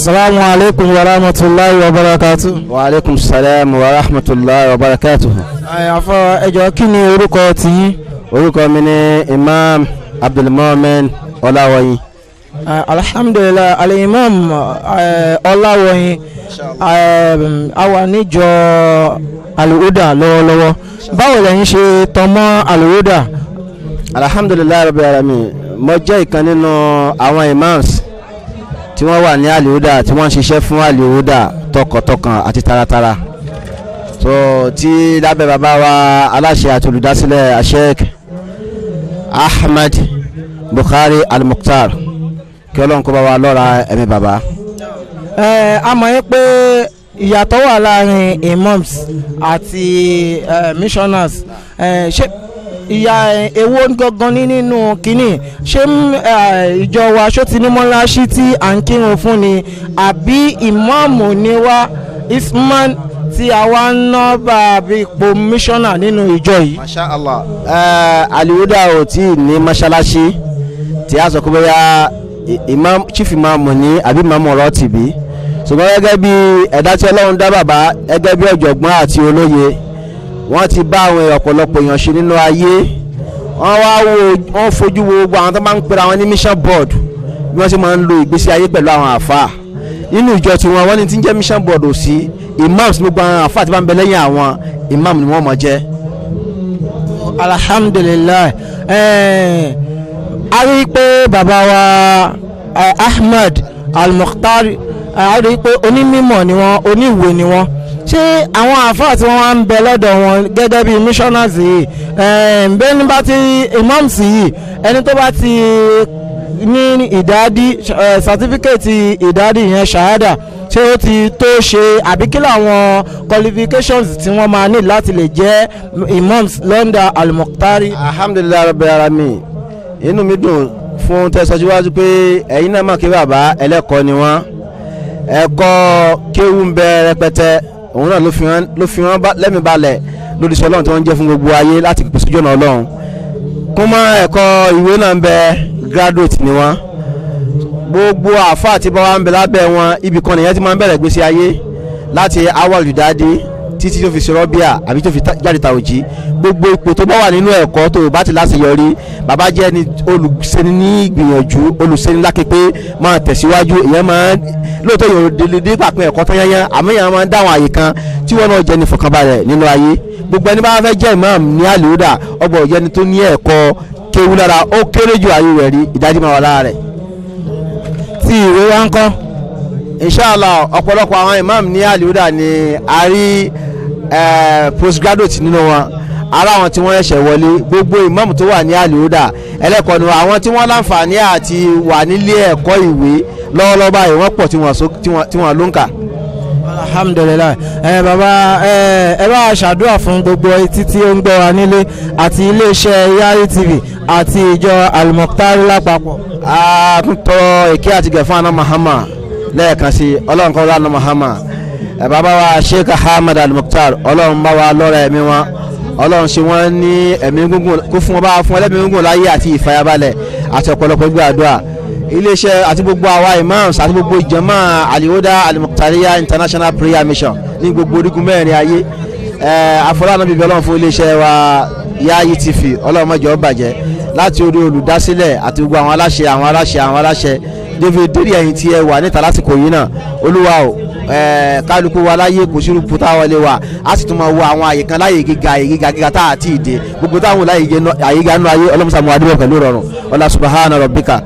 Salamu alaikum wa rahmatulahi wa barakatu. Wa alaikum salam wa rahmatulahi wa barakatu. Àyàfọ́ ẹjọ́ kí ni orúkọ tiyín? Orúkọ mi ni Imam Abdulmomen Ọláwọ̀yìn. Alhamdulilah Al-Imam Ọláwọ̀yìn àwa níjọ Al-Huda lọ́wọ́lọ́wọ́. Báwo lẹ́yìn ṣe tọmọ al Alhamdulilah Rabbil Alamin, mo jẹ́ ìkan nínú àwọn imams tí wọ́n wà ní àlèódà tí wọ́n ń ṣiṣẹ́ fún àlèódà tọkàntọkàn àti taratara so tí lábẹ́ bàbá wa aláṣẹ àti olùdásílẹ̀ asheik Ahmed Buhari Al-Mukhtar kí ọlọ́run kó bá wa lọ́ra ẹ̀mí bàbá. ẹ a mọ̀ yín pé ìyàtọ̀ wà láàrin imams àti missioners ṣé. Uh, ìyá eh, èwo gangan ní nínú kínní ṣé eh, ìjọ wa ṣó ti ní mọ́láṣí tí à ń kírun fún ni àbí ìmáàmù ni wá Isman tí a wá ń ná bàbí ipò mísọ́nà nínú ìjọ yìí. masha allah eh, aliwuda ò tí ì ní mọ́ṣáláṣí tí a sọ pé bóyá imam chief imaamu ni àbí imaamu ọ̀rọ̀ tìbí ṣùgbọ́n gẹ́gẹ́ bí ẹ̀dá tí ọlọ́run dá bàbá gẹ́gẹ́ bí ọ̀jọ̀gbọ́n àti olóye wọ́n ti bá àwọn ọ̀pọ̀lọpọ̀ èèyàn ṣe nínú ayé wọ́n wá wo wọ́n fojú wo gbogbo àwọn tó máa ń pera wọn ní mission board bí wọ́n ṣe máa ń lo ìgbésí ayé pẹ̀lú àwọn àáfàá nínú ìjọ tiwọn wọ́n ní ti ń jẹ́ mission board ò sí imams ní gbogbo àwọn àáfàá ti bá ń lẹ́yìn àwọn imam ni wọ́n mọ̀ jẹ́. alhamdulilayi eh, a rí i pé bàbá wa eh, Ahmed Al-Mukhtar eh, a rí i pé onímọ̀ ni wọ́n oníwèé ni wọ́n ṣé àwọn àáfàá tí wọ́n wá ń bẹ lọ́dọ̀ wọn gẹ́gẹ́ bíi missionaries yìí eh, bẹ́ẹ̀ni bá ti imams yìí ẹni tó bá ti ní ìdádí eh, certificate ìdádí yẹn ṣahada ṣé ó ti tó ṣe àbí kí làwọn qualifications tí wọ́n máa ní láti lè jẹ́ imams lọ́ndà al-muqtari. alhamdulilayi rabbil alamin inú mi dùn fún tẹ̀síwájú pé ẹ̀yin náà mọ̀ kí bàbá ẹlẹ́kọ̀ọ́ ni wọ́n ẹ̀kọ́ kéwù ń bẹ rẹpẹtẹ òun náà ló fi wọn lẹ́mìí balẹ̀ lórí iṣẹ́ ọlọ́run tí wọ́n ń jẹ́ fún gbogbo ayé láti pèsè ojú ọ̀nà ọlọ́run kún mọ́ ẹ̀kọ́ ìwé náà ń bẹ graduate ni wọ́n gbogbo àáfàá tí bá wa ń bẹ lábẹ́ wọn ibì kan nìyẹn ti máa ń bẹ̀rẹ̀ gbèsè ayé láti awal yudadi títí tó fi ṣe rọ́bíà àbí tó fi jáde ta òjì gbogbo ipò tó bá wà nínú ẹ̀kọ́ tó bá ti láṣeyọrí bàbá jẹ́ ni olùsẹ́ni ní ìgbìyànjú olùsẹ́ni lákèpé máa tẹ̀síwájú èèyàn máa lóòótọ́ yòó dé pàpín ẹ̀kọ́ tán yányán àmọ́ èèyàn máa ń dáwọn àyè kan tí wọ́n náà jẹ́ ni fọkànbalẹ̀ nínú ayé gbogbo ẹni bá fẹ́ jẹ́ imam ní àlùdà ọgbọ̀n jẹ́ni tó ní ẹ̀kọ́ kéwu lára àwọn imam ní àlùdà ni a rí postgraduate nínú wọn ara àwọn tí wọ́n ṣẹ̀ṣẹ̀ wọlé gbogbo ìmáàmù tó wà ní àlùhódà ẹlẹ́kọ̀ọ́ ni àwọn tí wọ́n láǹfààní àti wà nílé ẹ̀kọ́ ìwé lọ́wọ́lọ́wọ́ báyìí wọ́n pọ̀ tí wọ́n ló ń kà alhamdulilayi ẹ baba ẹ ẹ bá ṣàdúrà fún gbogbo etí tí ó ń gbọ́ wa nílé àti iléeṣẹ́ Yayi TV àti ìjọ alimọ̀tari lápapọ̀. a tún tọrọ èké àti gẹ̀fọ́n aná mahama lẹ́ẹ̀kan sí ọlọ́run kọ́ lánàá mahama bàbá wa sheikh ahmed al-mukhtar ọlọ́run bá wa lọ́ra ẹ̀mí wọn ọlọ́run ṣe wọ́n ní ẹ̀mí gúngùn kó fún wọn bá fún ẹlẹ́mí gúngùn láyé àti ìfàyàbalẹ̀ àti ọ̀pọ̀lọpọ̀ gbé àdúrà iléeṣẹ́ àti gbogbo àwa imams àti gbogbo ìjọmọ́ alihoda al-muqtariya international prayer mission ní gbogbo orígun mẹ́rin ayé àfọlọ́nà bíbí ọlọ́run fún iléeṣẹ́ wa Yayi TV ọlọ́run má jẹ́ ó bàjẹ́ láti orí olùdásílẹ̀ àti gbogbo àwọn aláṣẹ àwọn aláṣẹ àwọn aláṣẹ david dèrè ẹ̀yìn tí ẹ wà níta lásìkò yìí náà olúwa o kálukú wa láyé kò sírú puta wọlé wa a sì tún máa wo àwọn àyè kan láyè gíga àyè gíga gíga tá a ti dé gbogbo táwọn láyè gíga nù ayé ọlọ́mùsà mu adúlọ̀ pẹ̀lú rọrùn ọlá subahana rabbika